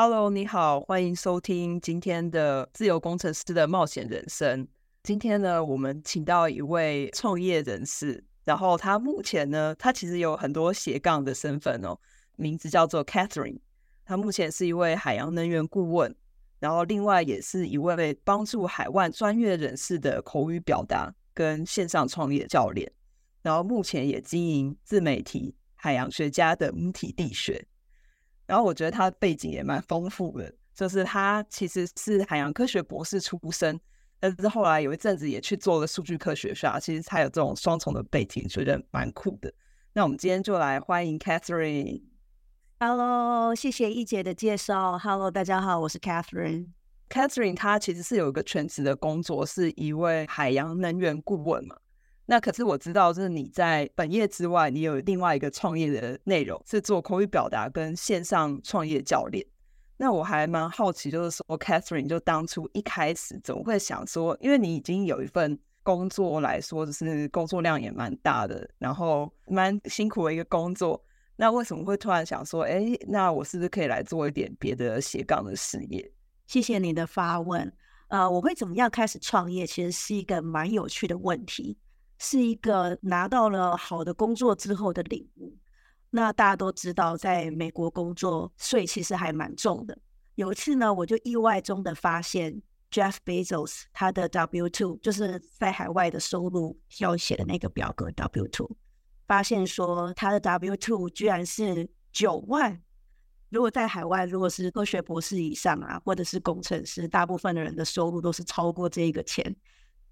Hello，你好，歡迎收聽今天的自由工程師的冒險人生。今天呢，我們請到一位創業人士，然後他目前呢，他其實有很多斜槓的身份哦，名字叫做 Katherine，他目前是一位海洋能源顧問，然後另外也是一位幫助海外專業人士的口語表達跟線上創業教練，然後目前也經營自媒體海洋學家的母體力學。然後我覺得他的背景也蠻豐富的，就是他其實是海洋科學博士出身，但是後來有一陣子也去做了數據科學家，其實他有這種雙重的背景，所以覺得蠻酷的。那我們今天就來歡迎 Catherine。Hello，謝謝易傑的介紹。Hello，大家好，我是 Catherine。Catherine 她其實是有一個全職的工作，是一位海洋能源顧問嘛。那可是我知道，就是你在本業之外，你有另外一個創業的內容，是做口語表達跟線上創業教練。那我還蠻好奇，就是說，Catherine 就當初一開始怎麼會想說，因為你已經有一份工作來說，就是工作量也蠻大的，然後蠻辛苦的一個工作，那為什麼會突然想說，哎、欸，那我是不是可以來做一點別的斜槓的事業？謝謝你的發問。呃，我會怎麼樣開始創業，其實是一個蠻有趣的問題。是一個拿到了好的工作之後的領悟。那大家都知道，在美國工作稅其實還蠻重的。有一次呢，我就意外中的發現，Jeff Bezos 他的 W two，就是在海外的收入要寫的那個表格 W two，發現說他的 W two 居然是九萬。如果在海外，如果是科學博士以上啊，或者是工程師，大部分的人的收入都是超過這個錢。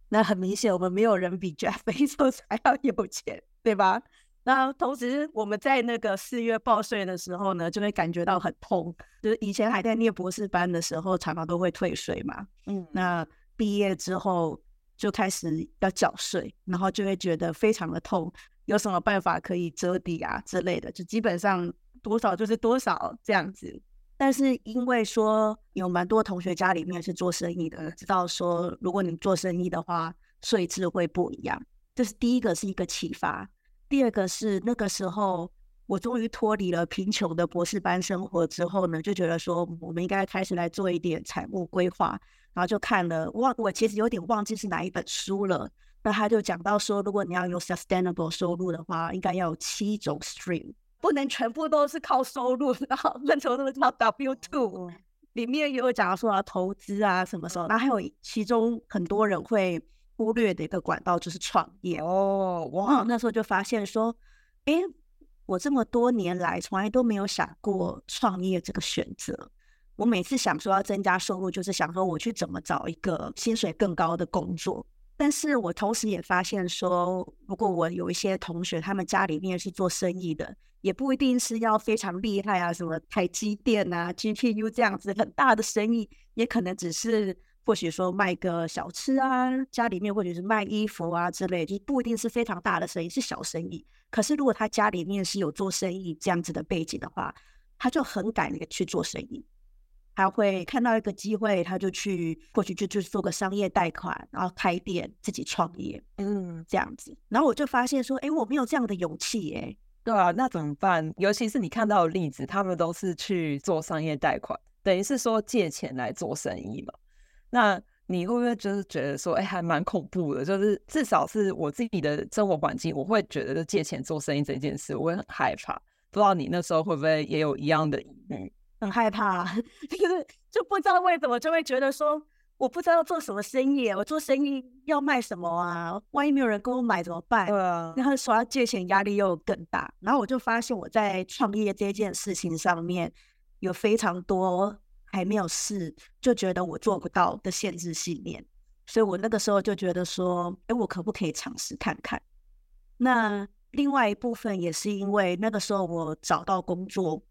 那很明顯，我們沒有人比 Jeff 所，還要有錢，對吧？那同時我們在那個四月報稅的時候呢，就會感覺到很痛。就是以前還在念博士班的時候，常常都會退稅嘛，嗯，那畢業之後就開始要繳稅，然後就會覺得非常的痛。有什麼辦法可以折底啊之類的？就基本上多少就是多少這樣子。但是因為說有蠻多同學家裡面是做生意的，知道說如果你做生意的話，稅制會不一樣。這、就是第一個是一個啟發，第二個是那個時候我終於脫離了貧窮的博士班生活之後呢，就覺得說我們應該開始來做一點財務規劃，然後就看了哇，我其實有點忘記是哪一本書了。那他就講到說，如果你要有 sustainable 收入的話，應該要有七種 stream。不能全部都是靠收入，然後那時都是靠 W two，裡面也有講到說、啊、投資啊什麼什麼，然後還有其中很多人會忽略的一個管道就是創業哦哇哦，那時候就發現說，哎，我這麼多年來從來都沒有想過創業這個選擇，我每次想說要增加收入，就是想說我去怎麼找一個薪水更高的工作，但是我同時也發現說，如果我有一些同學，他們家裡面是做生意的。也不一定是要非常厲害啊，什麼台積電啊、GPU 這樣子很大的生意，也可能只是或許說賣個小吃啊，家裡面或者是賣衣服啊之類，就不一定是非常大的生意，是小生意。可是如果他家裡面是有做生意這樣子的背景的話，他就很敢去做生意，他會看到一個機會，他就去或許就去做個商業貸款，然後開店自己創業，嗯，這樣子。然後我就發現說，哎，我沒有這樣的勇氣，欸，對啊，那怎麼辦？尤其是你看到的例子，他們都是去做商業貸款，等於是說借錢來做生意嘛。那你會不會就是覺得說，哎、欸，還蠻恐怖的。就是至少是我自己的生活環境，我會覺得借錢做生意這件事，我會很害怕。不知道你那時候會不會也有一樣的疑慮？嗯，很害怕，就 是就不知道為什麼就會覺得說。我不知道做什麼生意，我做生意要賣什麼啊？萬一沒有人跟我買怎麼辦？啊、然後說要借錢，壓力又更大。然後我就發現我在創業這件事情上面有非常多還沒有試就覺得我做不到的限制信念，所以我那個時候就覺得說，哎、欸，我可不可以嘗試看看？那另外一部分也是因為那個時候我找到工作，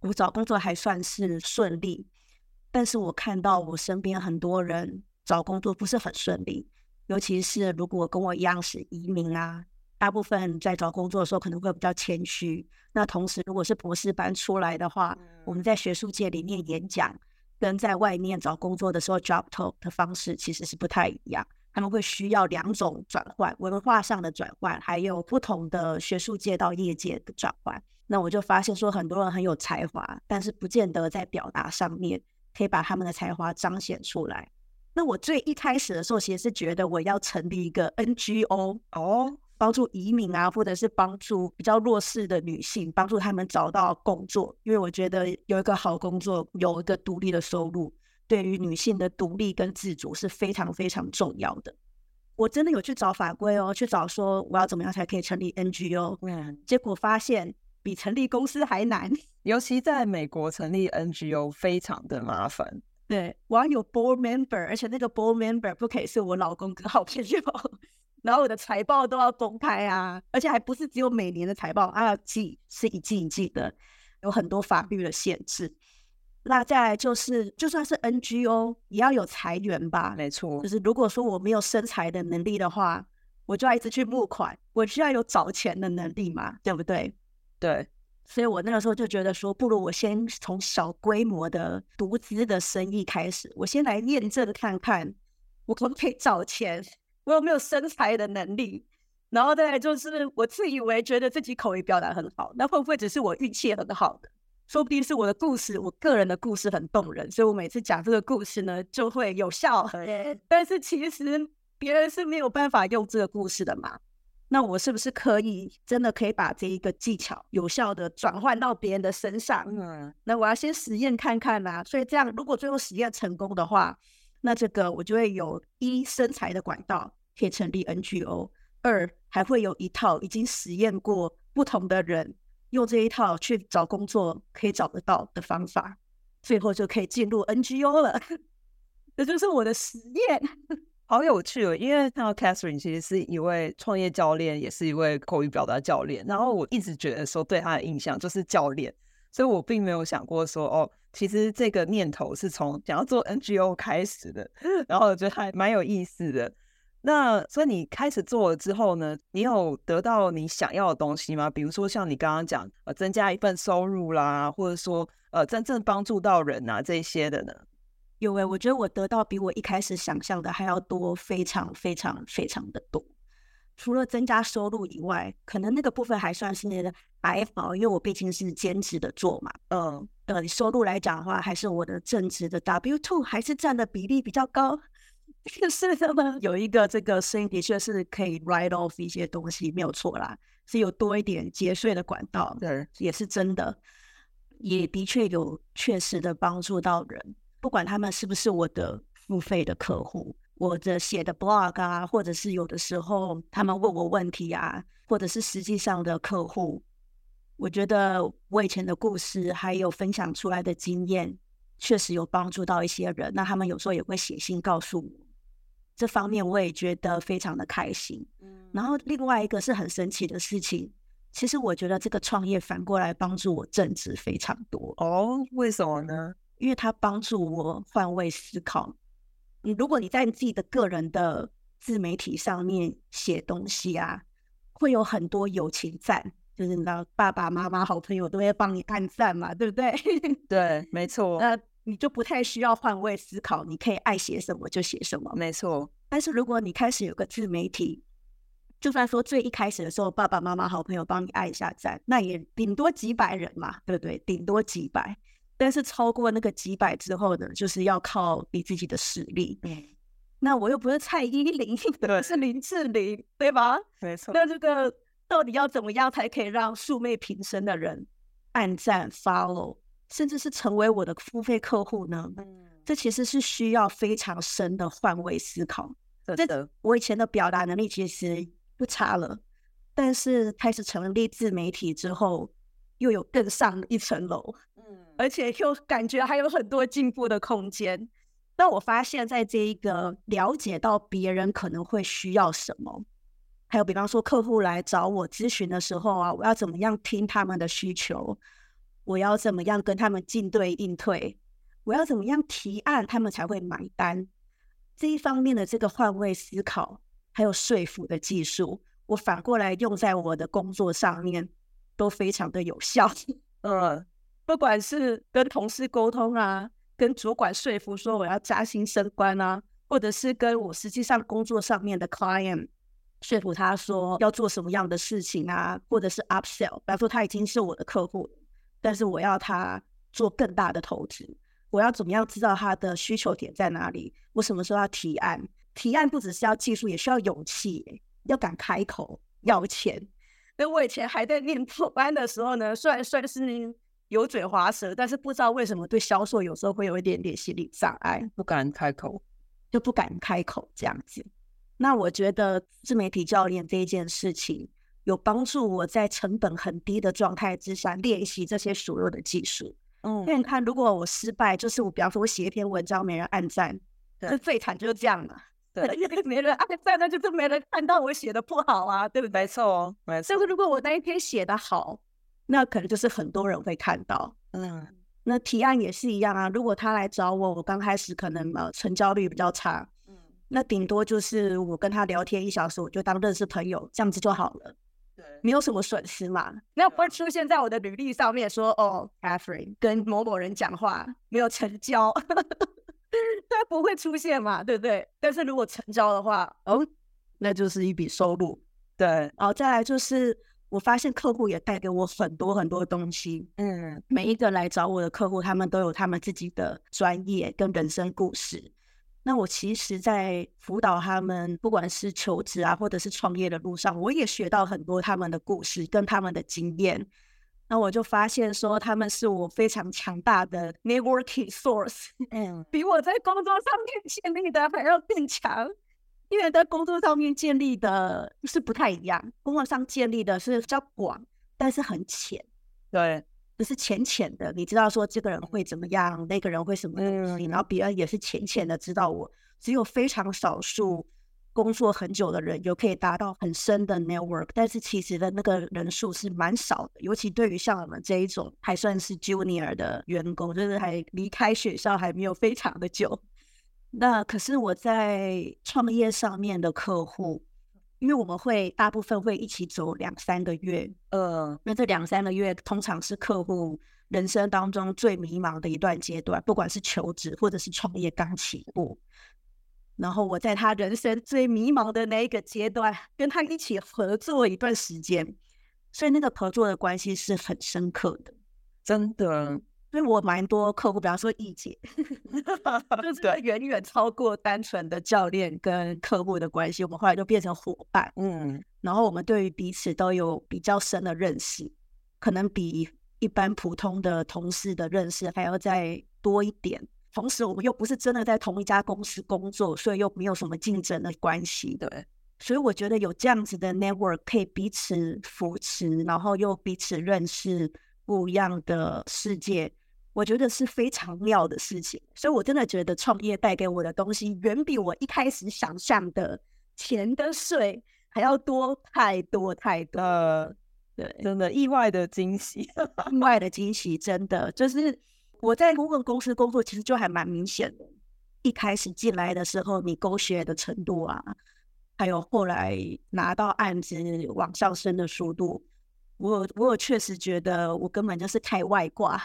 我找工作還算是順利。但是我看到我身邊很多人找工作不是很順利，尤其是如果跟我一樣是移民啊，大部分在找工作的時候可能會比較謙虛。那同時，如果是博士班出來的話，我們在學術界裡面演講，跟在外面找工作的時候 job talk 的方式其實是不太一樣。他們會需要兩種轉換：文化上的轉換，還有不同的學術界到業界的轉換。那我就發現說，很多人很有才華，但是不見得在表達上面。可以把他們的才華彰顯出來。那我最一開始的時候，其實是覺得我要成立一個 NGO 哦，幫助移民啊，或者是幫助比較弱勢的女性，幫助她們找到工作。因為我覺得有一個好工作，有一個獨立的收入，對於女性的獨立跟自主是非常非常重要的。我真的有去找法規哦，去找說我要怎麼樣才可以成立 NGO。嗯，結果發現。比成立公司還難，尤其在美國成立 NGO 非常的麻煩。對，我要有 board member，而且那個 board member 不可以是我老公跟好朋友。然後我的財報都要公開啊，而且還不是只有每年的財報，它、啊、要記是一季一季的，有很多法律的限制。那再來就是，就算是 NGO 也要有財源吧？沒錯，就是如果說我沒有生財的能力的話，我就要一直去募款，我需要有找錢的能力嘛？對不對？對，所以我那個時候就覺得說，不如我先從小規模的獨資的生意開始，我先來驗證看看，我可不可以找錢，我有沒有生財的能力。然後再來就是，我自以為覺得自己口語表達很好，那會不會只是我運氣很好的？說不定是我的故事，我個人的故事很動人，所以我每次講這個故事呢，就會有效。但是其實別人是沒有辦法用這個故事的嘛。那我是不是可以真的可以把這一個技巧有效的轉換到別人的身上？嗯，那我要先實驗看看啦、啊。所以這樣，如果最後實驗成功的話，那這個我就會有一生財的管道，可以成立 NGO。二還會有一套已經實驗過不同的人用這一套去找工作可以找得到的方法，最後就可以進入 NGO 了。 這就是我的實驗。好有趣哦，因為看到 Katherine 其實是一位創業教練，也是一位口語表達教練。然後我一直覺得說對她的印象就是教練，所以我並沒有想過說，哦，其實這個念頭是從想要做 NGO 開始的。然後我覺得還蠻有意思的。那所以你開始做了之後呢，你有得到你想要的東西嗎？比如說像你剛剛講呃，增加一份收入啦，或者說呃真正幫助到人啊這些的呢？因為、欸、我覺得我得到比我一開始想象的還要多，非常非常非常的多。除了增加收入以外，可能那個部分還算是白跑，因為我畢竟是兼職的做嘛。嗯、呃、嗯、呃，收入來講的話，還是我的正職的 W two 還是佔的比例比較高。就 是的麼嗎有一個這個生意的確是可以 write off 一些東西，沒有錯啦，是有多一點節稅的管道。對，也是真的，也的確有確實的幫助到人。不管他們是不是我的付費的客戶，我的寫的 blog 啊，或者是有的時候他們問我問題啊，或者是實際上的客戶，我覺得我以前的故事還有分享出來的經驗，確實有幫助到一些人。那他們有時候也會寫信告訴我，這方面我也覺得非常的開心。然後另外一個是很神奇的事情，其實我覺得這個創業反過來幫助我增值非常多。哦，為什麼呢？因為它幫助我換位思考。嗯，如果你在你自己的個人的自媒體上面寫東西啊，會有很多友情讚，就是你的爸爸媽媽、好朋友都會幫你按讚嘛，對不對？ 對，沒錯。那你就不太需要換位思考，你可以愛寫什麼就寫什麼，沒錯。但是如果你開始有個自媒體，就算說最一開始的時候，爸爸媽媽、好朋友幫你按一下讚，那也頂多幾百人嘛，對不對？頂多幾百。但是超過那個幾百之後呢，就是要靠你自己的實力。嗯、那我又不是蔡依林，對， 是林志玲，對，對吧？沒錯錯。那這個到底要怎麼樣才可以讓素昧平生的人按讚、follow，甚至是成為我的付費客戶呢？嗯、這其實是需要非常深的換位思考。的這個我以前的表達能力其實不差了，但是開始成立自媒體之後，又有更上一層樓。而且又感覺還有很多進步的空間。但我發現，在這一個了解到別人可能會需要什麼，還有比方說客戶來找我諮詢的時候啊，我要怎麼樣聽他們的需求？我要怎麼樣跟他們進對應退？我要怎麼樣提案，他們才會買單？這一方面的這個換位思考，還有說服的技術，我反過來用在我的工作上面，都非常的有效。呃。 Uh. 不管是跟同事溝通啊，跟主管說服說我要加薪升官啊，或者是跟我實際上工作上面的 client 說服他說要做什麼樣的事情啊，或者是 upsell，比方說他已經是我的客戶，但是我要他做更大的投資，我要怎麼樣知道他的需求點在哪裡？我什麼時候要提案？提案不只是要技術，也需要勇氣，要敢開口要錢。那我以前還在念博班的時候呢，雖然算是。油嘴滑舌，但是不知道為什麼對銷售有時候會有一點點心理障礙，不敢開口，就不敢開口這樣子。那我覺得自媒體教練這一件事情有幫助我在成本很低的狀態之下練習這些所有的技術。嗯，那你看，如果我失敗，就是我比方說我寫一篇文章沒人按讚，這對最慘就這樣了。對， 因為沒人按讚，那就是沒人看到我寫的不好啊，對不對？沒錯哦，沒錯。所以就是如果我那一天寫得好，那可能就是很多人會看到，嗯，嗯，那提案也是一樣啊。如果他來找我，我剛開始可能呃成交率比較差，嗯，那頂多就是我跟他聊天一小時，我就當認識朋友這樣子就好了，對，沒有什麼損失嘛。那不會出現在我的履歷上面說對哦，Katherine 跟某某人講話沒有成交， 他不會出現嘛，對不對？但是如果成交的話，哦，那就是一筆收入，對。好、哦，再來就是。我發現客戶也帶給我很多很多東西。嗯，每一個來找我的客戶，他們都有他們自己的專業跟人生故事。那我其實，在輔導他們，不管是求職啊，或者是創業的路上，我也學到很多他們的故事跟他們的經驗。那我就發現說，他們是我非常強大的 networking source，嗯，比我在工作上面建立的還要更強。因為在工作上面建立的是不太一樣，工作上建立的是比較廣，但是很淺，對，就是淺淺的。你知道說，這個人會怎麼樣，那個人會什麼樣、嗯、然後別人也是淺淺的知道我。只有非常少數工作很久的人，有可以達到很深的 network，但是其實的那個人數是蠻少的，尤其對於像我們這一種還算是 junior 的員工，就是還離開學校還沒有非常的久。那可是我在創業上面的客戶，因為我們會大部分會一起走兩三個月，呃，那這兩三個月通常是客戶人生當中最迷茫的一段階段，不管是求職或者是創業剛起步，然後我在他人生最迷茫的那一個階段，跟他一起合作一段時間，所以那個合作的關係是很深刻的，真的。所以我蠻多客戶，比方說易姐， 就是遠遠超過單純的教練跟客戶的關係。我們後來就變成伙伴，嗯，然後我們對於彼此都有比較深的認識，可能比一般普通的同事的認識還要再多一點。同時，我們又不是真的在同一家公司工作，所以又沒有什麼競爭的關係，對。所以我覺得有這樣子的 network 可以彼此扶持，然後又彼此認識不一樣的世界。我覺得是非常妙的事情，所以我真的覺得創業帶給我的東西，遠比我一開始想象的錢的稅還要多太多太多。呃，對，真的意外的驚喜， 意外的驚喜，真的就是我在顧問公司工作，其實就還蠻明顯的。一開始進來的時候，你勾血的程度啊，還有後來拿到案子往上升的速度，我我確實覺得我根本就是開外掛。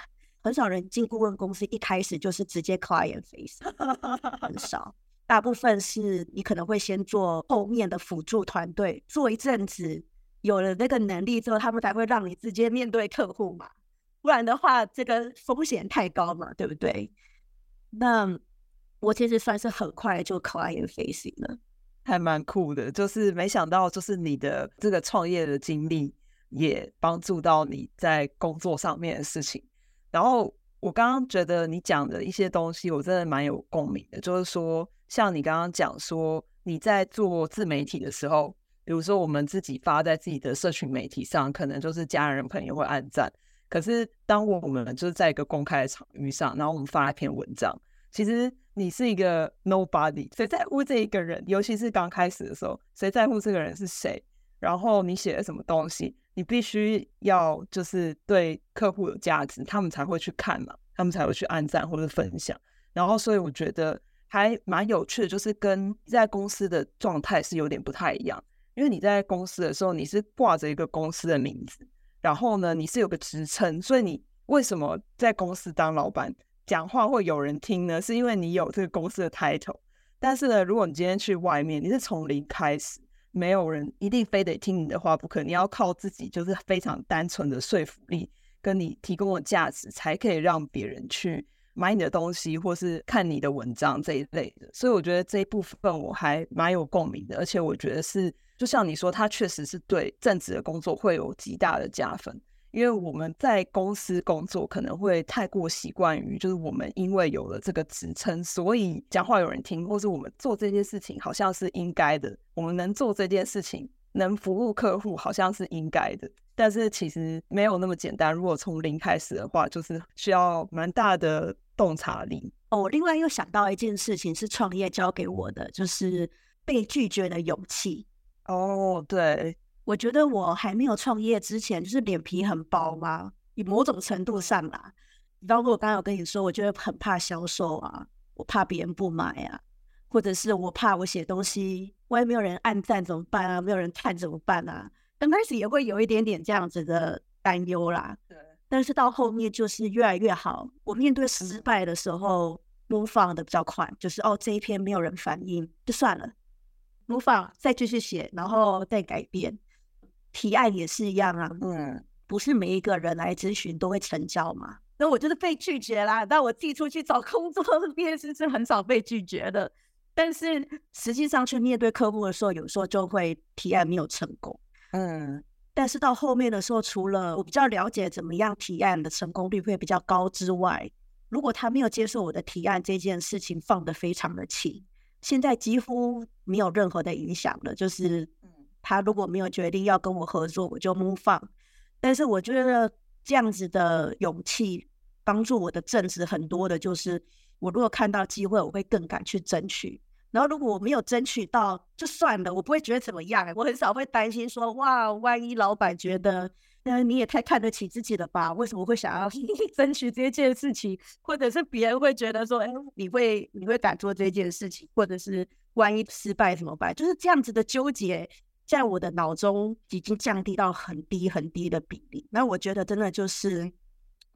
很少人進顧問公司一開始就是直接 client facing，很少。大部分是你可能會先做後面的輔助團隊，做一陣子，有了那個能力之後，他們才會讓你直接面對客戶嘛。不然的話，這個風險太高嘛，對不對？那我其實算是很快就 client facing 了，還蠻酷的。就是沒想到，就是你的這個創業的經歷也幫助到你在工作上面的事情。然後我剛剛覺得你講的一些東西，我真的蠻有共鳴的。就是說，像你剛剛講說，你在做自媒體的時候，比如說我們自己發在自己的社群媒體上，可能就是家人朋友會按讚。可是當我們就是在一個公開的場域上，然後我們發一篇文章，其實你是一個 nobody，誰在乎這一個人？尤其是剛開始的時候，誰在乎這個人是誰？然後你寫了什麼東西，你必須要就是對客戶有價值，他們才會去看嘛，他們才會去按讚或者分享。然後，所以我覺得還蠻有趣的，就是跟在公司的狀態是有點不太一樣。因為你在公司的時候，你是掛着一個公司的名字，然後呢，你是有個職稱，所以你為什麼在公司當老闆講話會有人聽呢？是因為你有這個公司的 title。但是呢，如果你今天去外面，你是從零開始。沒有人一定非得聽你的話不可，你要靠自己，就是非常單純的說服力跟你提供的價值，才可以讓別人去買你的東西，或是看你的文章這一類的。所以我覺得這一部分我還蠻有共鳴的，而且我覺得是就像你說，他確實是對正職的工作會有極大的加分。因為我們在公司工作，可能會太過習慣於，就是我們因為有了這個職稱，所以講話有人聽，或是我們做這件事情好像是應該的。我們能做這件事情，能服務客戶，好像是應該的。但是其實沒有那麼簡單。如果從零開始的話，就是需要蠻大的洞察力。哦，另外又想到一件事情，是創業教給我的，就是被拒絕的勇氣。哦，對。我覺得我還沒有創業之前，就是臉皮很薄嘛。以某種程度上啦，比方，我剛剛有跟你說，我覺得很怕銷售啊，我怕別人不買啊，或者是我怕我寫東西，我也沒有人按讚怎麼辦啊？沒有人看怎麼辦啊？剛開始也會有一點點這樣子的擔憂啦。對但是到後面就是越來越好。我面對失敗的時候，move on、嗯、的比較快，就是哦，這一篇沒有人反應，就算了，move on 再繼續寫，然後再改變。提案也是一樣啊，嗯，不是每一個人來諮詢都會成交嘛？那我就是被拒絕啦。那我自己出去找工作面試是很少被拒絕的，但是實際上去面對客戶的時候，有時候就會提案沒有成功。嗯，但是到後面的時候，除了我比較了解怎麼樣提案的成功率會比較高之外，如果他沒有接受我的提案，這件事情放得非常的輕，現在幾乎沒有任何的影響了，就是。嗯他如果沒有決定要跟我合作，我就 move on。但是我覺得這樣子的勇氣幫助我的正職很多的，就是我如果看到機會，我會更敢去爭取。然後如果我沒有爭取到，就算了，我不會覺得怎麼樣、欸。我很少會擔心說，哇，萬一老闆覺得，那你也太看得起自己了吧？為什麼會想要 爭取這件事情？或者是別人會覺得說，哎、欸，你會你會敢做這件事情？或者是萬一失敗怎麼辦？就是這樣子的糾結。在我的腦中已經降低到很低很低的比例。那我覺得真的就是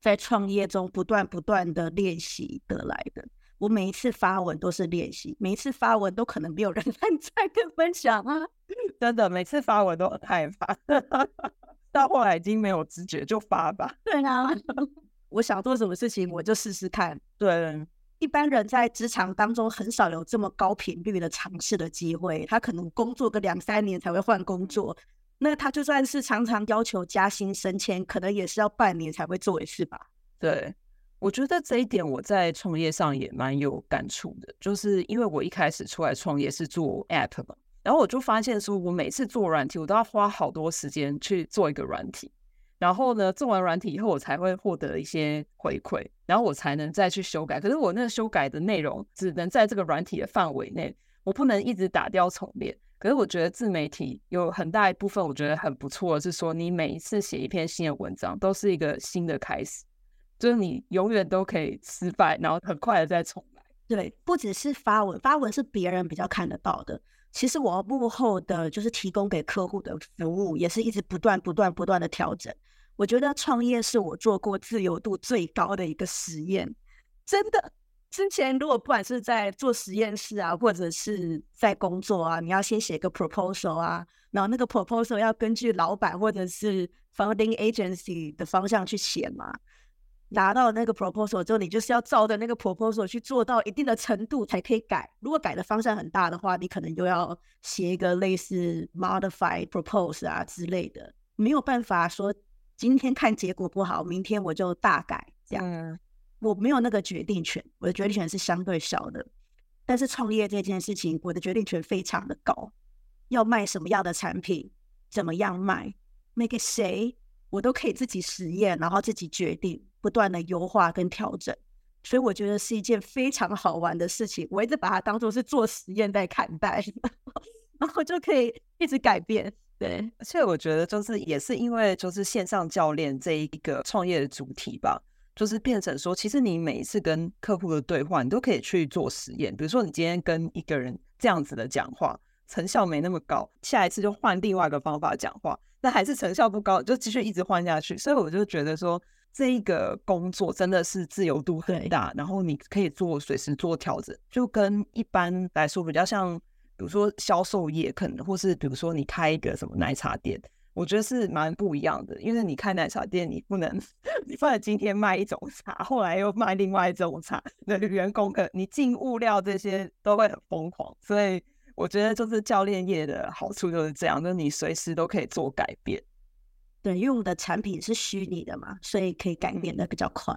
在創業中不斷不斷的練習得來的。我每一次發文都是練習，每一次發文都可能沒有人在跟分享啊。真的，每次發文都很害怕。 到後來已經沒有知覺，就發吧。對啊，我想做什麼事情，我就試試看。對。一般人在職場當中很少有這麼高頻率的嘗試的機會，他可能工作個兩三年才會換工作，那他就算是常常要求加薪升遷，可能也是要半年才會做一次吧。對，我覺得這一點我在創業上也蠻有感觸的，就是因為我一開始出來創業是做 App 嘛，然後我就發現說，我每次做軟體，我都要花好多時間去做一個軟體。然後呢，做完軟體以後，我才會獲得一些回饋，然後我才能再去修改。可是我那修改的內容只能在這個軟體的範圍內，我不能一直打掉重練。可是我覺得自媒體有很大一部分，我覺得很不錯的，是說你每一次寫一篇新的文章都是一個新的開始，就是你永遠都可以失敗，然後很快的再重來。對，不只是發文，發文是別人比較看得到的。其實我幕後的就是提供給客戶的服務，也是一直不斷、不斷、不斷的調整。我覺得創業是我做過自由度最高的一個實驗，真的。之前如果不管是在做實驗室啊，或者是在工作啊，你要先寫一個 proposal 啊，然後那個 proposal 要根據老闆或者是 funding agency 的方向去寫嘛。拿到那個 proposal 之後，你就是要照着那個 proposal 去做到一定的程度才可以改。如果改的方向很大的話，你可能又要寫一個類似 modify proposal 啊之類的，沒有辦法說。今天看結果不好，明天我就大改這樣。我沒有那個決定權，我的決定權是相對小的。但是創業這件事情，我的決定權非常的高。要賣什麼樣的產品，怎麼樣賣，賣給誰，我都可以自己實驗，然後自己決定，不斷的優化跟調整。所以我覺得是一件非常好玩的事情，我一直把它當做是做實驗在看待。然後就可以一直改變，對。而且我覺得就是也是因為就是線上教練這一個創業的主題吧，就是變成說，其實你每一次跟客戶的對話，你都可以去做實驗。比如說你今天跟一個人這樣子的講話，成效沒那麼高，下一次就換另外一個方法講話，但還是成效不高，就繼續一直換下去。所以我就覺得說，這一個工作真的是自由度很大，對然後你可以做隨時做調整，就跟一般來說比較像。比如說銷售業，可能或是比如說你開一個什麼奶茶店，我覺得是蠻不一樣的，因為你開奶茶店，你不能你放在今天賣一種茶，後來又賣另外一種茶。那員工，可能你進物料這些都會很瘋狂，所以我覺得就是教練業的好處就是這樣，就是你隨時都可以做改變。對，因為我們的產品是虛擬的嘛，所以可以改變的比較快，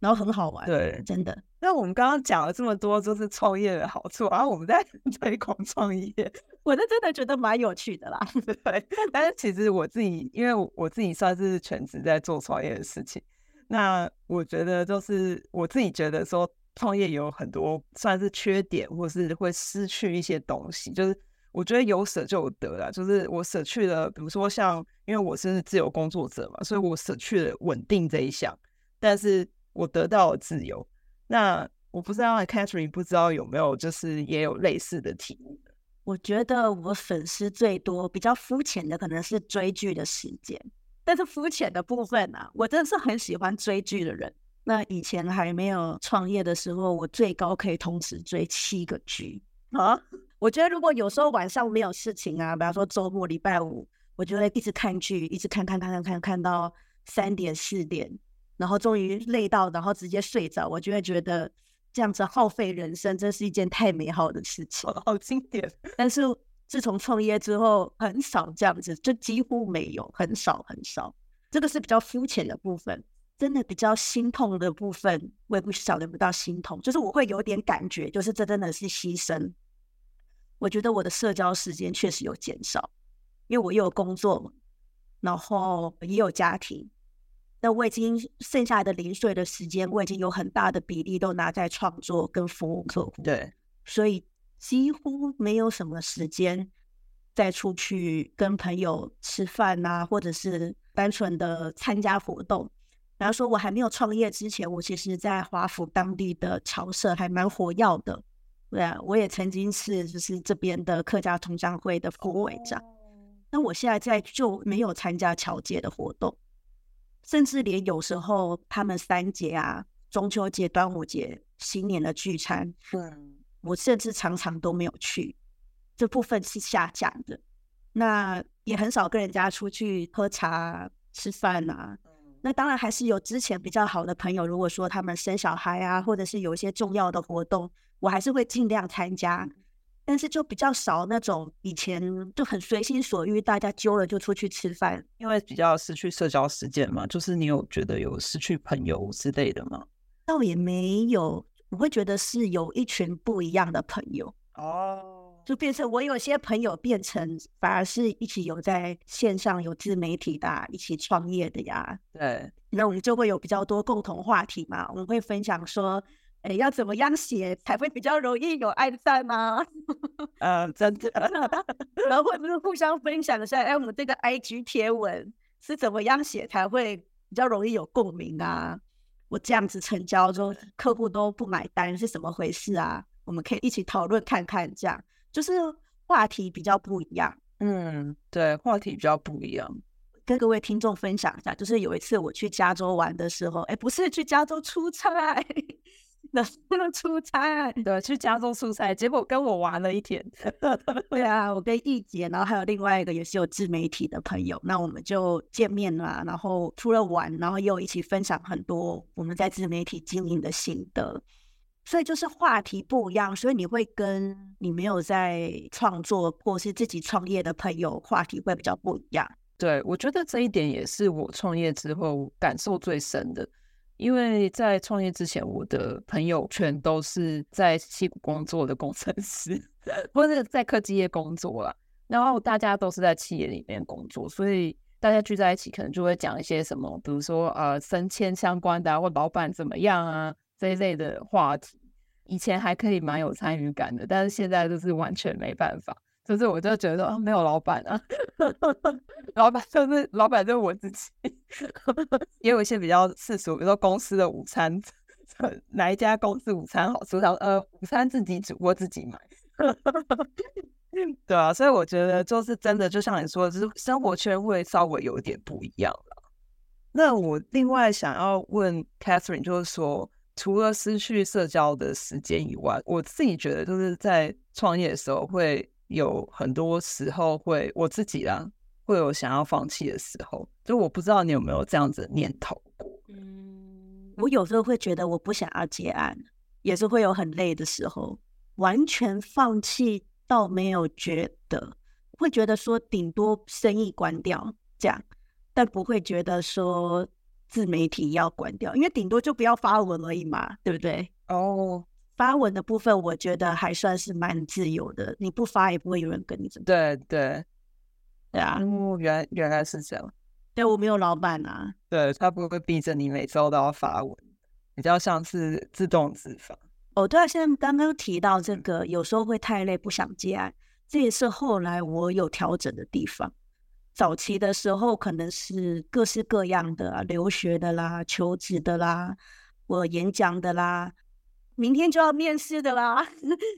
然後很好玩，對，真的。那我們剛剛講了這麼多，就是創業的好處，然後我們在推廣創業，我是真的覺得蠻有趣的啦。對，但是其實我自己，因為我自己算是全職在做創業的事情，那我覺得就是我自己覺得說，創業有很多算是缺點，或是會失去一些東西。就是我覺得有捨就有得啦，就是我捨去了，比如說像因為我是自由工作者嘛，所以我捨去了穩定這一項，但是我得到了自由。那我不知道，Katherine 不知道有沒有就是也有類似的題目。我覺得我粉絲最多、比較膚淺的可能是追劇的時間，但是膚淺的部分啊，我真的是很喜歡追劇的人。那以前還沒有創業的時候，我最高可以同時追七個劇啊。我覺得如果有時候晚上沒有事情啊，比方說周末、禮拜五，我就會一直看劇，一直看看看看看，看到三點、四點。然後終於累到，然後直接睡着，我就會覺得這樣子耗費人生真是一件太美好的事情，好經典。但是自從創業之後，很少這樣子，就幾乎沒有，很少很少。這個是比較膚淺的部分，真的比較心痛的部分，我也不曉得，不到心痛，就是我會有點感覺，就是這真的是犧牲。我覺得我的社交時間確實有減少，因為我又有工作，然後也有家庭。那我已經剩下的零碎的時間，我已經有很大的比例都拿在創作跟服務客戶，對，所以幾乎沒有什麼時間再出去跟朋友吃飯啊，或者是單純的參加活動。然後說，我還沒有創業之前，我其實在華府當地的僑社還蠻活躍的，對啊，我也曾經是就是這邊的客家同鄉會的副會長。那我現在在就沒有參加僑界的活動。甚至連有時候他們三節啊，中秋節、端午節、新年的聚餐，嗯是，我甚至常常都沒有去。這部分是下降的，那也很少跟人家出去喝茶、吃飯啊。那當然還是有之前比較好的朋友，如果說他們生小孩啊，或者是有一些重要的活動，我還是會盡量參加。但是就比較少那種以前就很隨心所欲，大家揪了就出去吃飯，因為比較失去社交時間嘛。就是你有覺得有失去朋友之類的嗎？倒也沒有，我會覺得是有一群不一樣的朋友哦，oh. 就變成我有些朋友變成反而是一起有在線上有自媒體的、啊，一起創業的呀、啊。對，那我們就會有比較多共同話題嘛，我們會分享說。哎，要怎麼樣寫才會比較容易有愛讚嗎？嗯，真的， 然後或者是互相分享一下，哎，我們這個 IG 貼文是怎麼樣寫才會比較容易有共鳴啊？我這樣子成交，就客戶都不買單，是怎麼回事啊？我們可以一起討論看看，這樣就是話題比較不一樣。嗯，對，話題比較不一樣，跟各位聽眾分享一下，就是有一次我去加州玩的時候，哎，不是去加州出差。 能出差，對，去加州出差，結果跟我玩了一天。 對啊，我跟易姐，然後還有另外一個也是有自媒體的朋友，那我們就見面嘛，然後除了玩，然後又一起分享很多我們在自媒體經營的心得。所以就是話題不一樣，所以你會跟你沒有在創作或是自己創業的朋友，話題會比較不一樣。對，我覺得這一點也是我創業之後感受最深的。因為在創業之前，我的朋友全都是在硅谷工作的工程師，或是在科技業工作啦，然後大家都是在企業裡面工作，所以大家聚在一起，可能就會講一些什麼，比如說呃，升遷相關的啊，或老闆怎麼樣啊這一類的話題。以前還可以蠻有參與感的，但是現在就是完全沒辦法。就是我就覺得啊，沒有老闆啊， 老闆就是老闆就是我自己。 也有一些比較世俗，比如說公司的午餐， 哪一家公司午餐好吃？食堂呃，午餐自己煮我自己買。 對啊，所以我覺得就是真的，就像你說的，就是生活圈會稍微有一點不一樣了，那我另外想要問 Katherine 就是說，除了失去社交的時間以外，我自己覺得就是在創業的時候會。有很多時候會我自己啊，會有想要放棄的時候，就我不知道你有沒有這樣子念頭過。嗯，我有時候會覺得我不想要接案，也是會有很累的時候，完全放棄倒沒有覺得，會覺得說頂多生意關掉這樣，但不會覺得說自媒體要關掉，因為頂多就不要發文而已嘛，對不對？哦。Oh. 發文的部分，我覺得還算是蠻自由的。你不發也不會有人跟你怎麼。對對對啊！嗯、原原來是這樣。對我沒有老板啊。對，他不會逼着你每周都要發文，比較像是自動自發。哦，對啊。現在剛剛提到這個，嗯、有時候會太累不想接案，這也是後來我有調整的地方。早期的時候可能是各式各樣的、啊，留學的啦、求職的啦、我演講的啦。明天就要面試的啦，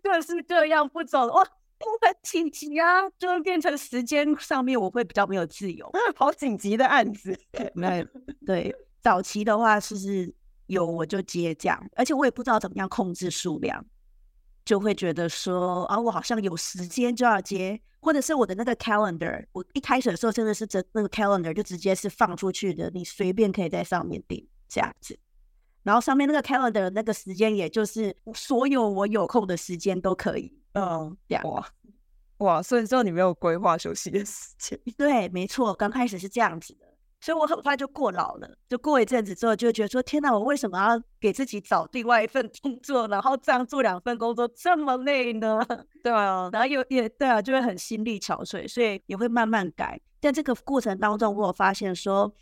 各式各樣，不走哇，我很緊急啊，就變成時間上面我會比較沒有自由，好緊急的案子。對， 對，早期的話是是有我就接這樣，而且我也不知道怎麼樣控制數量，就會覺得說啊，我好像有時間就要接，或者是我的那個 calendar，我一開始的時候真的是這那個 calendar 就直接是放出去的，你隨便可以在上面訂這樣子。然後上面那個 calendar 那個時間，也就是所有我有空的時間都可以。嗯，樣哇哇，所以之後你沒有規劃休息的時間？對，沒錯，剛開始是這樣子的，所以我很快就過勞了。就過一陣子之後，就會覺得說：“天哪，我為什麼要給自己找另外一份工作？然後這樣做兩份工作這麼累呢？”對啊，對啊，然後也，也對啊，就會很心力憔悴，所以也會慢慢改。在這個過程當中，我有發現說：“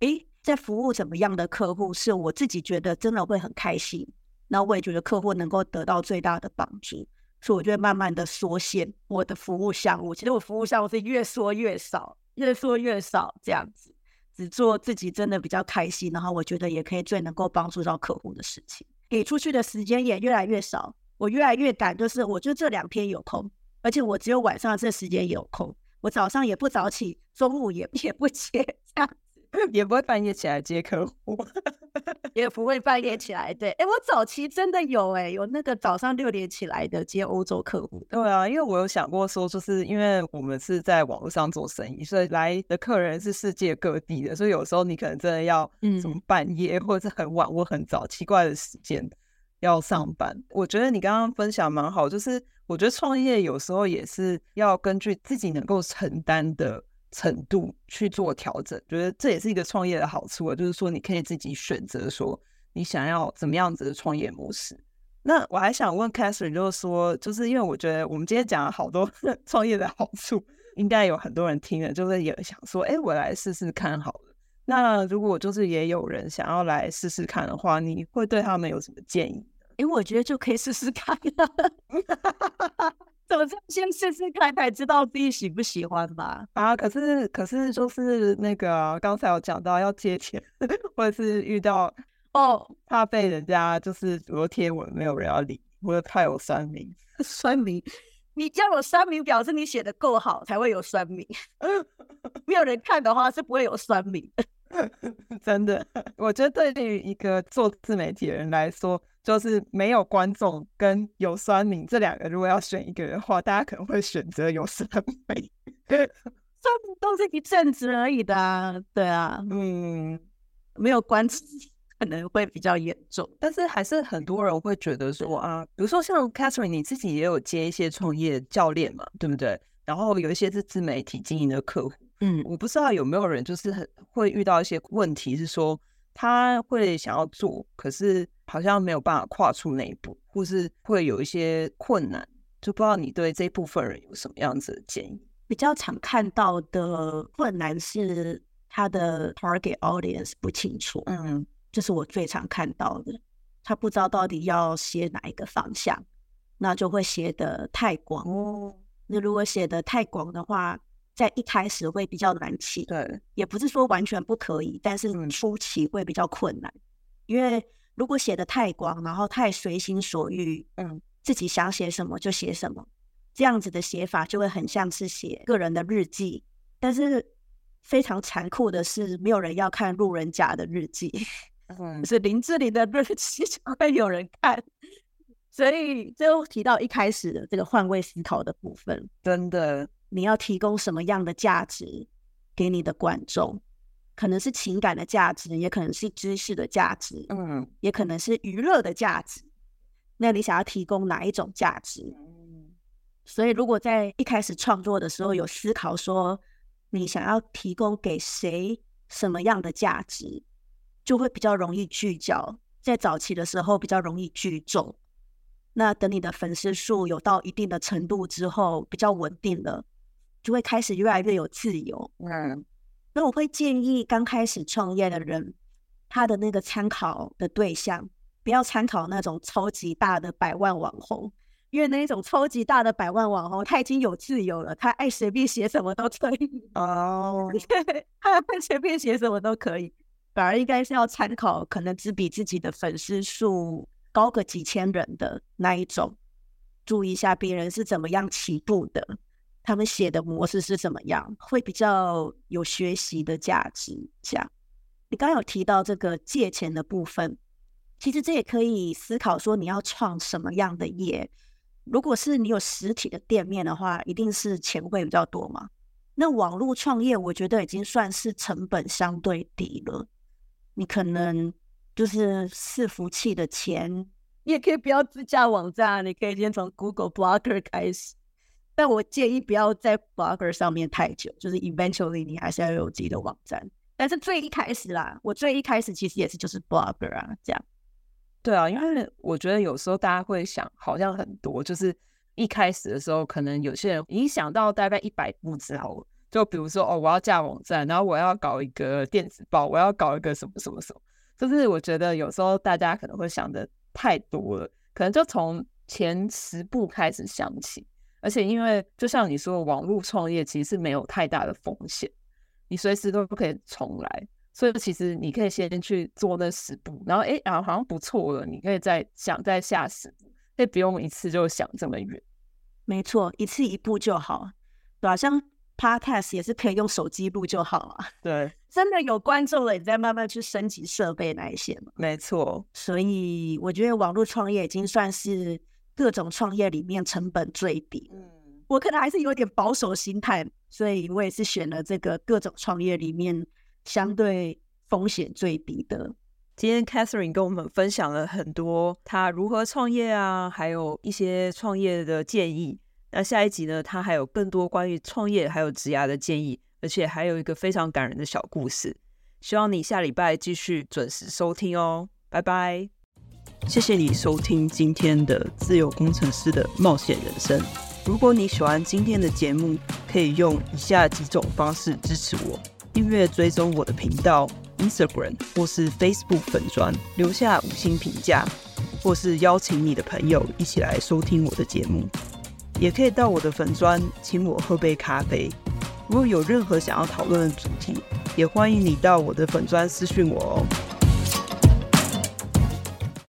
哎。”在服務怎麼樣的客戶，是我自己覺得真的會很開心，那我也覺得客戶能夠得到最大的幫助，所以我就會慢慢的縮減我的服務項目。其實我服務項目是越縮越少，越縮越少這樣子，只做自己真的比較開心，然後我覺得也可以最能夠幫助到客戶的事情，給出去的時間也越來越少。我越來越趕，就是我就這兩天有空，而且我只有晚上這時間有空，我早上也不早起，中午也也不接，也不會半夜起來接客戶， 也不會半夜起來。對，哎、欸，我早期真的有、欸，哎，有那個早上六點起來的接歐洲客戶。對啊，因為我有想過說，就是因為我們是在網絡上做生意，所以來的客人是世界各地的，所以有時候你可能真的要什麼半夜或者很晚或很早、嗯、奇怪的時間要上班。我覺得你剛剛分享蠻好，就是我覺得創業有時候也是要根據自己能夠承擔的。程度去做調整，覺得這也是一個創業的好處，啊、就是說你可以自己選擇說你想要怎麼樣子的創業模式。那我還想問 Katherine 就是說，就是因為我覺得我們今天講了好多創業的好處，應該有很多人聽了，就是也想說，哎、欸，我來試試看好了。那如果就是也有人想要來試試看的話，你會對他們有什麼建議？哎、欸，我覺得就可以試試看了。 總之先試試看才知道自己喜不喜歡吧。啊，可是可是就是那個啊、剛才有講到要借錢，或者是遇到哦，怕被人家就是、oh, 我貼文沒有人要理，或者怕有酸民、酸民。你要有酸民，表示你寫得夠好才會有酸民。 沒有人看的話是不會有酸民。 真的，我覺得對於一個做自媒體的人來說，就是沒有觀眾跟有酸民這兩個，如果要選一個人的話，大家可能會選擇有酸民。酸民都是一陣子而已的，啊，對啊，嗯，沒有觀眾可能會比較嚴重，但是還是很多人會覺得說啊，對比如說像 Catherine，你自己也有接一些創業教練嘛，對不對？然後有一些是自媒體經營的客戶，嗯，我不知道有沒有人就是會遇到一些問題是說他會想要做，可是。好像沒有辦法跨出那一步，或是會有一些困難，就不知道你對這部分人有什麼樣子的建議。比較常看到的困難是他的 target audience 不清楚，嗯，這是我最常看到的，他不知道到底要寫哪一個方向，那就會寫的太廣。哦、那如果寫的太廣的話，在一開始會比較難起，對，也不是說完全不可以，但是初期會比較困難，嗯、因為。如果寫得太廣，然後太隨心所欲，嗯，自己想寫什麼就寫什麼，這樣子的寫法就會很像是寫個人的日記。但是非常殘酷的是，沒有人要看路人甲的日記，嗯，是林志玲的日記就會有人看。所以就提到一開始的這個換位思考的部分，真的，你要提供什麼樣的價值給你的觀眾？可能是情感的價值，也可能是知識的價值，嗯，也可能是娛樂的價值。那你想要提供哪一種價值？所以如果在一開始創作的時候有思考，說你想要提供給誰什麼樣的價值，就會比較容易聚焦。在早期的時候比較容易聚眾，那等你的粉絲數有到一定的程度之後，比較穩定了，就會開始越來越有自由。嗯。那我會建議剛開始創業的人，他的那個參考的對象，不要參考那種超級大的百萬網紅，因為那一種超級大的百萬網紅，他已經有自由了，他愛隨便寫什麼都可以哦，oh, 他愛隨便寫什麼都可以，反而應該是要參考可能只比自己的粉絲數高個幾千人的那一種，注意一下別人是怎麼樣起步的。他們寫的模式是怎麼樣？會比較有學習的價值。這樣，你剛剛有提到這個借錢的部分，其實這也可以思考說你要創什麼樣的業。如果是你有實體的店面的話，一定是錢會比較多嘛。那網絡創業，我覺得已經算是成本相對低了。你可能就是伺服器的錢，你也可以不要自架網站，你可以先從 Google Blogger 開始。但我建議不要在 blogger 上面太久，就是 eventually 你還是要有自己的網站。但是最一開始啦，我最一開始其實也是就是 blogger 啊這樣。對啊，因為我覺得有時候大家會想好像很多，就是一開始的時候，可能有些人已經想到大概一百步之後，就比如說哦，我要架網站，然後我要搞一個電子報，我要搞一個什麼什麼什麼，就是我覺得有時候大家可能會想得太多了，可能就從前十步開始想起。而且，因為就像你說的，網絡創業其實是沒有太大的風險，你隨時都不可以重來，所以其實你可以先去做那十步，然後哎、啊，好像不錯了，你可以再想再下十步，所以不用一次就想這麼遠。沒錯，一次一步就好，對，好像 Podcast 也是可以用手機錄就好了，啊。對，真的有觀眾了，你再慢慢去升級設備那一些嘛。沒錯，所以我覺得網絡創業已經算是，各種創業裡面成本最低，嗯，我可能還是有點保守心態，所以我也是選了這個各種創業裡面相對風險最低的。今天 Catherine 跟我們分享了很多她如何創業啊，還有一些創業的建議。那下一集呢，她還有更多關於創業還有職涯的建議，而且還有一個非常感人的小故事。希望你下禮拜繼續準時收聽哦，拜拜。謝謝你收聽今天的《自由工程師的冒險人生》。如果你喜歡今天的節目，可以用以下幾種方式支持我：訂閱追蹤我的頻道、Instagram 或是 Facebook 粉專，留下五星評價，或是邀請你的朋友一起來收聽我的節目。也可以到我的粉專，請我喝杯咖啡。如果有任何想要討論的主題，也歡迎你到我的粉專私訊我哦。